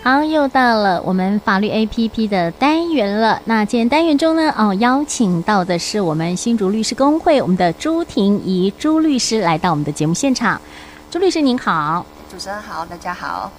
好，又到了我們法律 APP 的單元了。那今天單元中呢，哦，邀請到的是我們新竹律師公會，我們的朱庭儀朱律師來到我們的節目現場。朱律師您好，主持人好，大家好。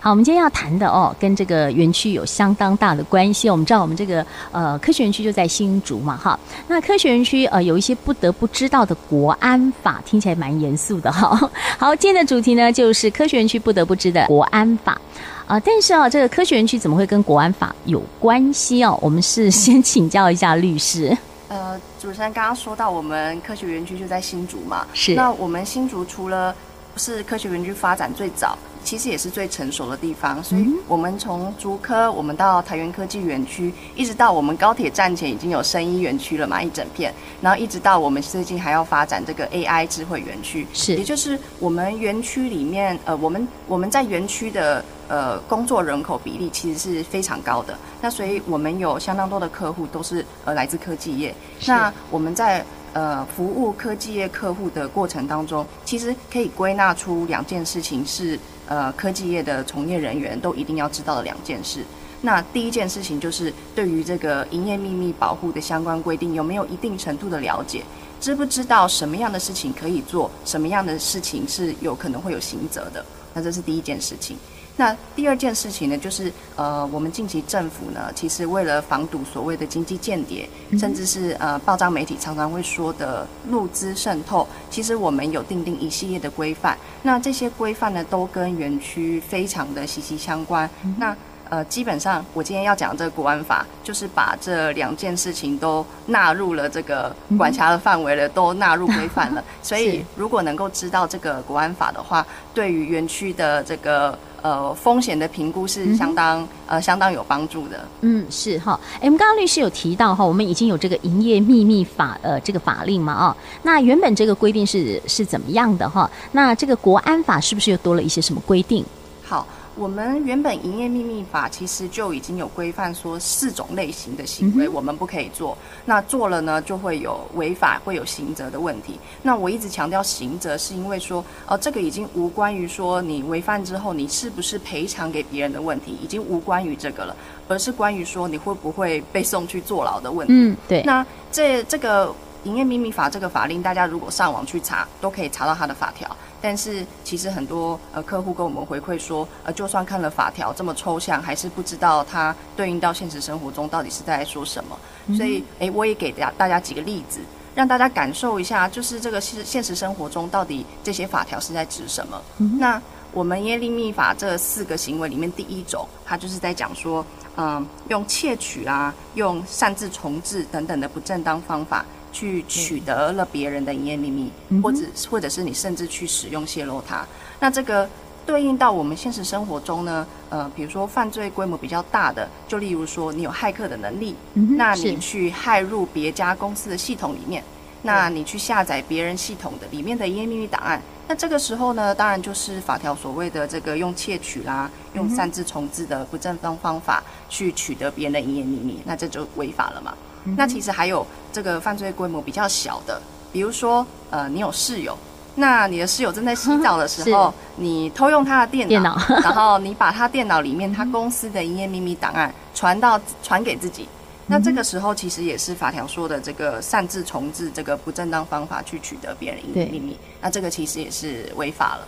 好，我們今天要談的哦，跟這個園區有相當大的關係。我們知道我們這個呃科學園區就在新竹嘛，哈。那科學園區呃有一些不得不知道的國安法，聽起來蠻嚴肅的哈。好，今天的主題呢就是科學園區不得不知的國安法。啊，但是啊、哦，這個科學園區怎麼會跟國安法有關係啊、哦？我們是先請教一下律師。嗯、呃，主持人剛剛說到，我們科學園區就在新竹嘛，是。那我們新竹除了是科學園區發展最早，其實也是最成熟的地方。嗯、所以，我們從竹科，我們到台元科技園區，一直到我們高鐵站前已經有生醫園區了嘛，一整片。然後一直到我們最近還要發展這個 AI 智慧園區，是。也就是我們園區裡面，呃，我們我們在園區的。呃，工作人口比例其實是非常高的。那所以我們有相當多的客戶都是呃來自科技業。那我們在呃服務科技業客戶的過程當中，其實可以歸納出兩件事情是呃科技業的從業人員都一定要知道的兩件事。那第一件事情就是對於這個營業秘密保護的相關規定有沒有一定程度的了解，知不知道什麼樣的事情可以做，什麼樣的事情是有可能會有刑責的？那這是第一件事情。那第二件事情呢，就是呃，我們近期政府呢，其實為了防堵所謂的經濟間諜，甚至是呃，報章媒體常常會說的陸資滲透，其實我們有訂定一系列的規範。那這些規範呢，都跟園區非常的息息相關。嗯、那呃，基本上我今天要講的這個國安法，就是把這兩件事情都納入了這個管轄的範圍了，嗯、都納入規範了。嗯、 所以如果能夠知道這個國安法的話，對於園區的這個。呃，風險的評估是相當、嗯、呃，相當有幫助的。嗯，是哈。哎、哦，我們剛剛律師有提到哈、哦，我們已經有這個營業秘密法呃，這個法令嘛啊、哦？那原本這個規定是是怎麼樣的哈、哦？那這個國安法是不是又多了一些什麼規定？好。我們原本營業秘密法其實就已經有規範，說四種類型的行為我們不可以做，嗯、那做了呢就會有違法，會有刑責的問題。那我一直強調刑責，是因為說，呃，這個已經無關於說你違反之後你是不是賠償給別人的問題，已經無關於這個了，而是關於說你會不會被送去坐牢的問題。嗯，對。那這這個營業秘密法這個法令，大家如果上網去查，都可以查到它的法條。但是其實很多呃客戶跟我們回饋說，呃就算看了法條這麼抽象，還是不知道它對應到現實生活中到底是在說什麼。嗯、所以誒、欸，我也給大家大家幾個例子，讓大家感受一下，就是這個現實現實生活中到底這些法條是在指什麼。嗯、那我們營業秘密法這四個行為裡面，第一種它就是在講說，嗯，用竊取啊，用擅自重置等等的不正當方法，去取得了別人的營業秘密，嗯、或者或者是你甚至去使用洩露它，那這個對應到我們現實生活中呢？呃，比如說犯罪規模比較大的，就例如說你有駭客的能力，嗯、那你去駭入別家公司的系統裡面，那你去下載別人系統的裡面的營業秘密檔案。那這個時候呢，當然就是法條所謂的這個用竊取啦，啊，嗯，用擅自重製的不正當方法去取得別人的營業秘密，那這就違法了嘛，嗯。那其實還有這個犯罪規模比較小的，比如說，呃，你有室友，那你的室友正在洗澡的時候，呵呵你偷用他的電腦，電 然後你把他電腦裡面他公司的營業秘密檔案傳到傳、嗯、給自己。那這個時候其實也是法條說的這個擅自重製，這個不正當方法去取得別人營業秘密，那這個其實也是違法了。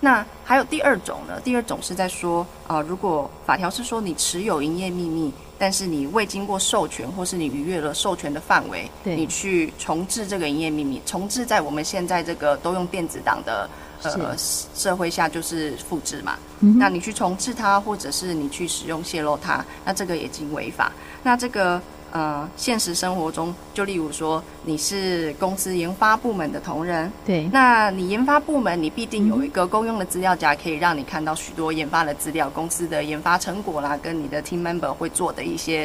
那還有第二種呢？第二種是在說啊、呃，如果法條是說你持有營業秘密。但是你未經過授權，或是你逾越了授權的範圍，對，你去重製這個營業秘密，重製在我們現在這個都用電子檔的呃社會下，就是複製嘛、嗯。那你去重製它，或者是你去使用洩露它，那這個已經違法。那這個。呃，現實生活中，就例如說，你是公司研發部門的同仁，對，那你研發部門，你必定有一個公用的資料夾，可以讓你看到許多研發的資料，公司的研發成果啦，跟你的 team member 會做的一些、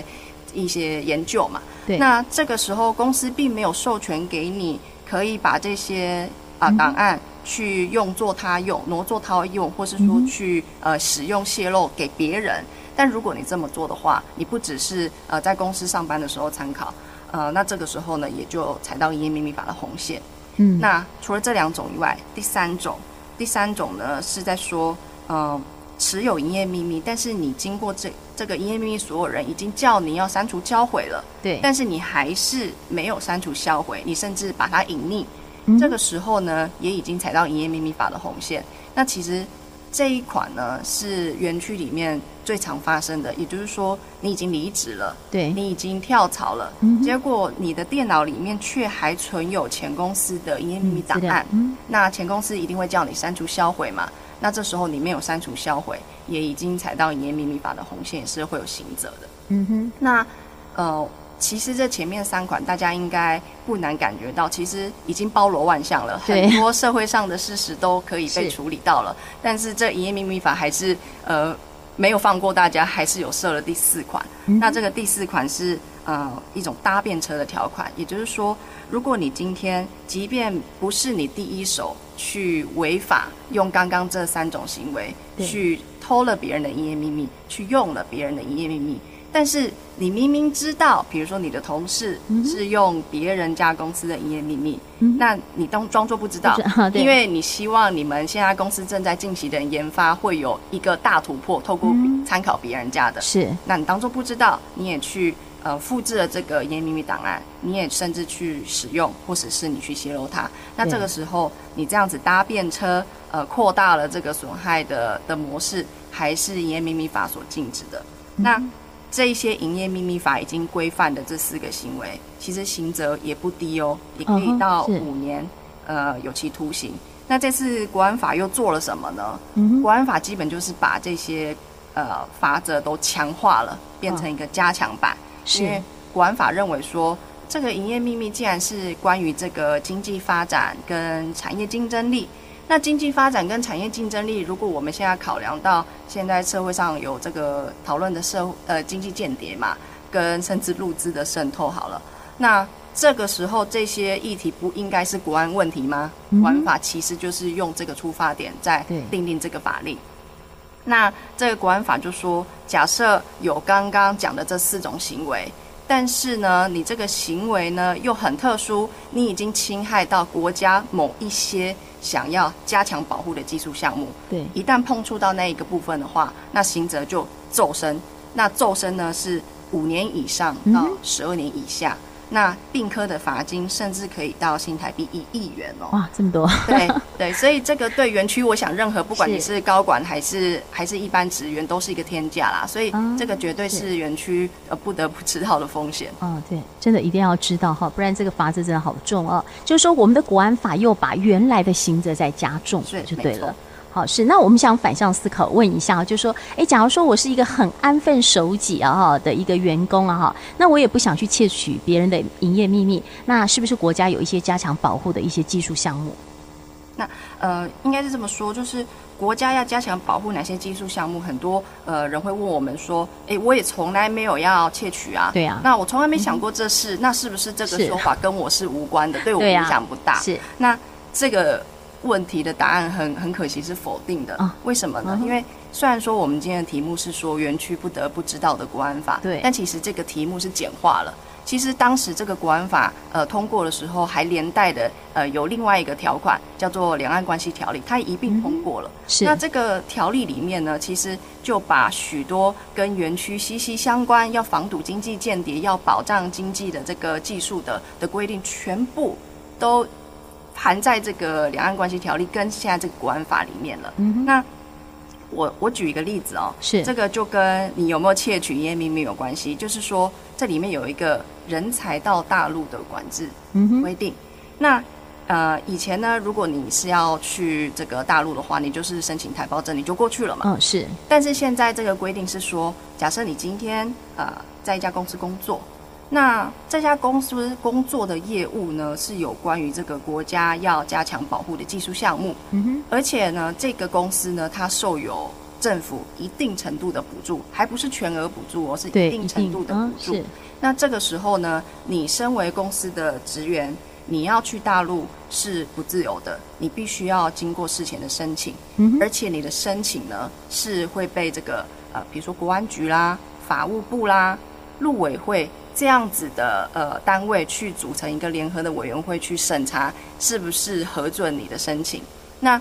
嗯、一些研究嘛。對，那這個時候公司並沒有授權給你，可以把這些啊檔案、呃嗯。去用作他用，挪作他用，或是說去、嗯、呃使用泄露給別人。但如果你這麼做的話，你不只是呃在公司上班的時候參考，呃，那這個時候呢，也就踩到營業秘密法的紅線。嗯。那除了這兩種以外，第三種，第三種呢是在說，嗯、呃，持有營業秘密，但是你經過這這個營業秘密所有人已經叫你要刪除銷毀了，對。但是你還是沒有刪除銷毀，你甚至把它隱匿。嗯、這個時候呢，也已經踩到營業秘密法的紅線。那其實這一款呢，是園區裡面最常發生的，也就是說你已經離職了，對，你已經跳槽了，嗯，結果你的電腦裡面卻還存有前公司的營業秘密檔案，嗯，嗯，那前公司一定會叫你刪除銷毀嘛？那這時候你沒有刪除銷毀，也已經踩到營業秘密法的紅線，是會有刑責的，嗯哼，那，呃。其實這前面三款大家應該不難感覺到，其實已經包羅萬象了，很多社會上的事實都可以被處理到了。是，但是這營業秘密法還是呃沒有放過大家，還是有設了第四款。嗯、那這個第四款是呃一種搭便車的條款，也就是說，如果你今天即便不是你第一手去違法用剛剛這三種行為去偷了別人的營業秘密，去用了別人的營業秘密。但是你明明知道，比如說你的同事是用別人家公司的營業秘密、嗯，那你當裝作不知道，知道對，因為你希望你們現在公司正在進行的研發會有一個大突破，透過比、嗯、參考別人家的，是，那你當作不知道，你也去呃複製了這個營業秘密檔案，你也甚至去使用，或者是你去泄露它，那這個時候你這樣子搭便車，呃，擴大了這個損害的的模式，還是營業秘密法所禁止的，嗯、那。這一些營業秘密法，已經規範的這四個行為，其實刑責也不低哦，也可以到五年、嗯，呃，有期徒刑。那這次國安法又做了什麼呢？嗯、國安法基本就是把這些呃法則都強化了，變成一個加強版。哦、因為國安法認為說，這個營業秘密既然是關於這個經濟發展跟產業競爭力。那經濟發展跟產業競爭力，如果我們現在考量到現在社會上有這個討論的社會呃經濟間諜嘛，跟甚至陸資的滲透好了，那這個時候這些議題不應該是國安問題嗎？國安法其實就是用這個出發點在訂定這個法令。那這個國安法就說，假設有剛剛講的這四種行為，但是呢，你這個行為呢又很特殊，你已經侵害到國家某一些。想要加強保護的技術項目，對，一旦碰觸到那一個部分的話，那刑責就驟升。那驟升呢是五年以上到十二年以下。嗯哼那併科的罰金甚至可以到新台幣一億元哦！哇，這麼多！對對，所以這個對園區，我想任何不管你是高管還是，是還是一般職員，都是一個天價啦。所以這個絕對是園區呃不得不知道的風險，嗯。哦。對，真的一定要知道哈，不然這個罰則真的好重啊，哦。就是說我們的國安法又把原來的刑責再加重，就對了。好、哦、是，那我們想反向思考問一下就是說，哎，假如說我是一個很安分守己啊哈、哦、的一個員工啊哈、哦，那我也不想去竊取別人的營業秘密，那是不是國家有一些加強保護的一些技術項目？那呃，應該是這麼說，就是國家要加強保護哪些技術項目？很多呃人會問我們說，哎，我也從來沒有要竊取啊，對啊，那我從來沒想過這事，嗯、那是不是這個說法跟我是無關的，對我影響不大對、啊？是，那這個。問題的答案很很可惜是否定的、啊，為什麼呢？因為雖然說我們今天的題目是說園區不得不知道的國安法，對，但其實這個題目是簡化了。其實當時這個國安法呃通過的時候，還連帶的呃有另外一個條款叫做兩岸關係條例，它一併通過了、嗯。是，那這個條例裡面呢，其實就把許多跟園區息息相關、要防堵經濟間諜、要保障經濟的這個技術的的規定，全部都含在這個兩岸關係條例跟現在這個國安法裡面了。嗯、那我我舉一個例子哦，是這個就跟你有沒有竊取營業秘密沒有關係，就是說，這裡面有一個人才到大陸的管制規定。嗯、那呃以前呢，如果你是要去這個大陸的話，你就是申請台胞證，你就過去了嘛。嗯、哦，是。但是現在這個規定是說，假設你今天呃在一家公司工作。那這家公司工作的業務呢，是有關於這個國家要加強保護的技術項目。嗯哼。而且呢，這個公司呢，它受有政府一定程度的補助，還不是全額補助哦，而是一定程度的補助。對、哦，那這個時候呢，你身為公司的職員，你要去大陸是不自由的，你必須要經過事前的申請。嗯哼。而且你的申請呢，是會被這個呃，比如說國安局啦、法務部啦、陸委會。這樣子的呃單位去組成一個聯合的委員會去審查是不是核准你的申請。那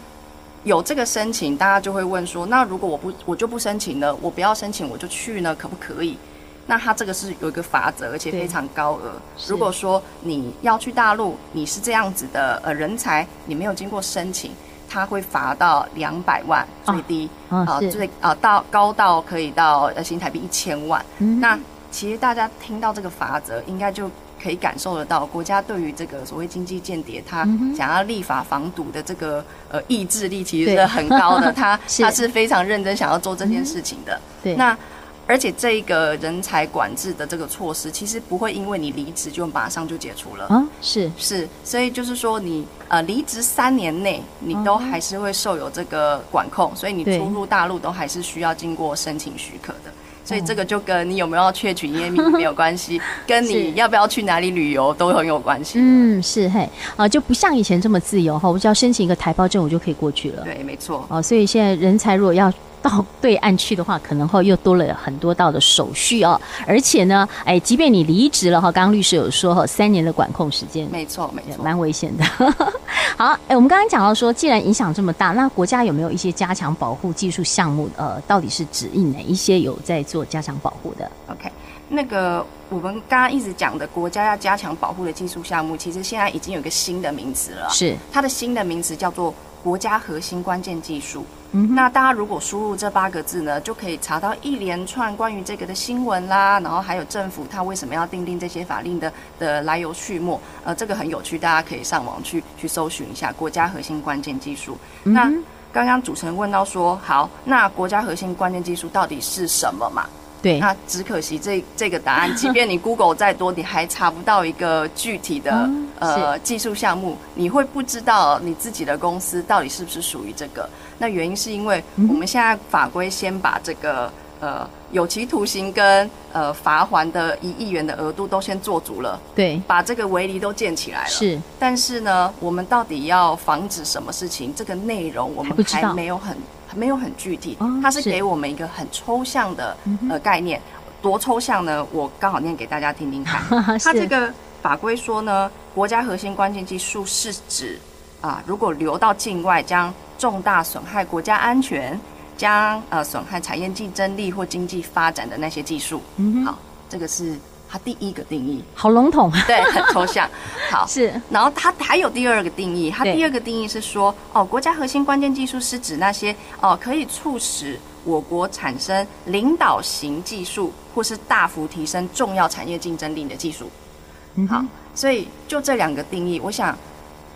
有這個申請，大家就會問說：那如果我不，我就不申請呢？我不要申請，我就去呢，可不可以？那他這個是有一個罰則，而且非常高額。如果說你要去大陸，你是這樣子的呃人才，你沒有經過申請，他會罰到兩百萬，最低啊，啊呃、最啊到、呃、高到可以到呃新台幣一千萬。嗯、那其實大家聽到這個法則，應該就可以感受得到，國家對於這個所謂經濟間諜，他想要立法防堵的這個呃意志力其實是很高的，他他是，是非常認真想要做這件事情的。嗯、對。那而且這個人才管制的這個措施，其實不會因為你離職就馬上就解除了。嗯，是是，所以就是說你呃離職三年內，你都還是會受有這個管控，所以你出入大陸都還是需要經過申請許可的。所以這個就跟你有沒有要竊取營業秘密沒有關係， 跟你要不要去哪裡旅遊都很有關係。嗯，是嘿，啊、呃、就不像以前這麼自由哈，我只要申請一個台胞證，我就可以過去了。對，沒錯。哦、呃，所以現在人才如果要。到對岸去的話，可能後又多了很多道的手續哦。而且呢，哎，即便你離職了哈，剛剛律師有說哈，三年的管控時間，沒錯沒錯，蠻危險的。 好，哎，我們剛剛講到說，既然影響這麼大，那國家有沒有一些加強保護技術項目？呃，到底是指引哪一些有在做加強保護的？OK，那個我們剛剛一直講的國家要加強保護的技術項目，其實現在已經有一個新的名詞了，是它的新的名詞叫做國家核心關鍵技術。 那大家如果輸入這八個字呢，就可以查到一連串關於這個的新聞啦，然後還有政府他為什麼要訂定這些法令的的來由、序幕，呃，這個很有趣，大家可以上網去去搜尋一下國家核心關鍵技術。 那剛剛主持人問到說，好，那國家核心關鍵技術到底是什麼嘛？對，那、啊、只可惜這這個答案，即便你 Google 再多， 你還查不到一個具體的、嗯、呃技術項目，你會不知道你自己的公司到底是不是屬於這個。那原因是因為我們現在法規先把這個、嗯、呃有期徒刑跟呃罰鍰的一億元的額度都先做足了，對，把這個圍籬都建起來了。是，但是呢，我們到底要防止什麼事情？這個內容我們還沒有很。沒有很具體，哦，它是給我們一個很抽象的、嗯、呃概念，多抽象呢？我剛好念給大家聽聽看。哈哈它這個法規說呢，國家核心關鍵技術是指啊，如果流到境外將重大損害國家安全，將呃損害產業競爭力或經濟發展的那些技術。嗯、好、啊，這個是。它第一個定義好籠統， 對，很抽象。好是，然後它還有第二個定義，它第二個定義是說，哦，國家核心關鍵技術是指那些哦可以促使我國產生領導型技術或是大幅提升重要產業競爭力的技術。嗯、好，所以就這兩個定義，我想。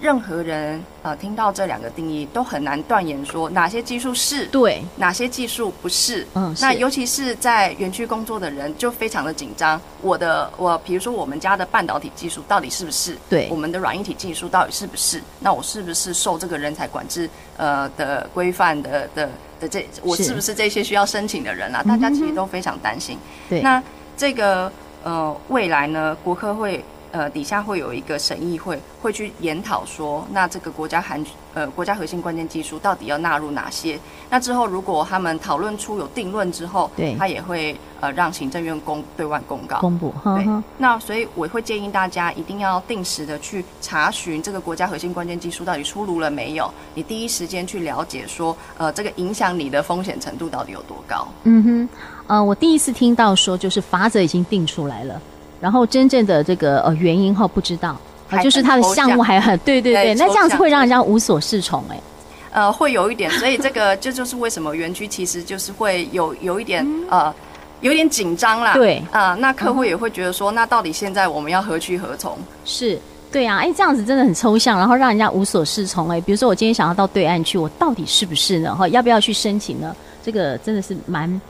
任何人呃，聽到這兩個定義都很難斷言說，哪些技術是對，哪些技術不是。嗯、哦，那尤其是在園區工作的人就非常的緊張。我的，我比如說我們家的半導體技術到底是不是？對，我們的軟硬體技術到底是不是？那我是不是受這個人才管制呃的規範的的的，的這？我是不是這些需要申請的人啊？大家其實都非常擔心。嗯、對，那這個呃未來呢，國科會。呃，底下會有一個審議會，會去研討說，那這個國家含呃國家核心關鍵技術到底要納入哪些？那之後如果他們討論出有定論之後，對，他也會呃讓行政院公對外公告公布。對好好，那所以我會建議大家一定要定時的去查詢這個國家核心關鍵技術到底出爐了沒有？你第一時間去了解說，呃，這個影響你的風險程度到底有多高？嗯哼，呃，我第一次聽到說就是法則已經定出來了。然後真正的這個呃原因，哈不知道、呃，就是他的項目還很對對對，那這樣子會讓人家無所適從哎、欸，呃會有一點，所以這個這就，就是為什麼園區其實就是會有 有一點呃有一點緊張啦。對啊、呃，那客戶也會覺得說、嗯、那到底現在我們要何去何從？是對啊，哎這樣子真的很抽象，然後讓人家無所適從哎、欸，比如說我今天想要到對岸去，我到底是不是呢？哈要不要去申請呢？這個真的是蠻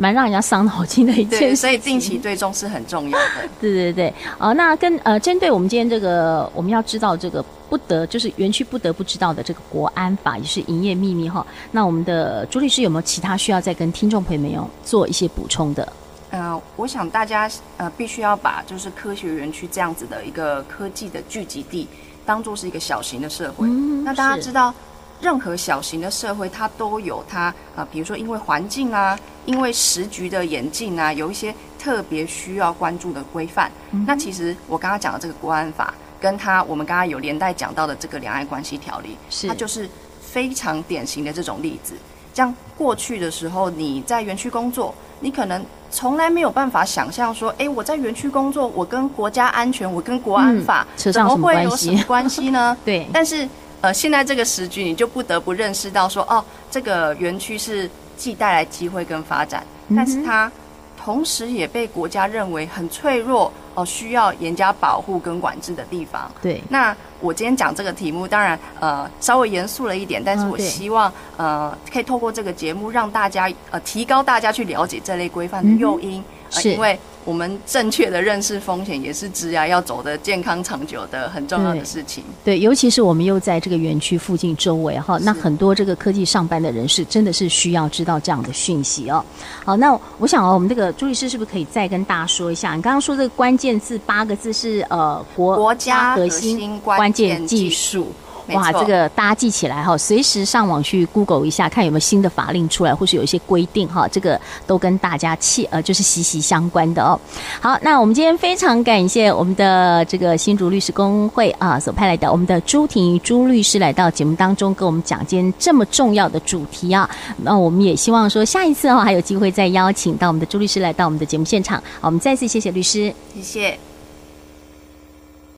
蠻讓人家傷腦筋的一件事情，所以近期對中是很重要的。 對對對，哦，那跟呃，針對我們今天這個，我們要知道這個不得，就是園區不得不知道的這個國安法也是營業秘密哈。那我們的朱律師有沒有其他需要再跟聽眾朋友們有做一些補充的？嗯、呃，我想大家呃，必須要把就是科學園區這樣子的一個科技的聚集地，當做是一個小型的社會。嗯、那大家知道。任何小型的社會，它都有它啊、呃，比如說因為環境啊，因為時局的演進啊，有一些特別需要關注的規範、嗯。那其實我剛剛講的這個國安法，跟它我們剛剛有連帶講到的這個兩岸關係條例，是它就是非常典型的這種例子。像過去的時候，你在園區工作，你可能從來沒有辦法想象說，哎，我在園區工作，我跟國家安全，我跟國安法、嗯、麼怎麼會有什麼關係呢？ 對，但是。呃，現在這個時局，你就不得不認識到說，哦，這個園區是既帶來機會跟發展，嗯、但是它同時也被國家認為很脆弱，哦、呃，需要嚴加保護跟管制的地方。對，那我今天講這個題目，當然呃稍微嚴肅了一點，但是我希望、啊、呃可以透過這個節目，讓大家呃提高大家去了解這類規範的誘因，嗯呃、是因為。我們正確的認識風險，也是知啊要走的健康長久的很重要的事情對。對，尤其是我們又在這個園區附近周圍哈，那很多這個科技上班的人士真的是需要知道這樣的訊息哦。好，那我想哦，我們這個朱律師是不是可以再跟大家說一下？你剛剛說這個關鍵字八個字是呃國國家核心關鍵，關鍵技術。哇，這個大家記起來哈，隨時上網去 Google 一下，看有沒有新的法令出來，或是有一些規定哈，這個都跟大家切呃，就是息息相關的哦。好，那我們今天非常感謝我們的這個新竹律師公會啊所派來的我們的朱庭、朱律師來到節目當中，跟我們講今天這麼重要的主題啊。那我們也希望說，下一次的話還有機會再邀請到我們的朱律師來到我們的節目現場。好，我們再次謝謝律師，謝謝。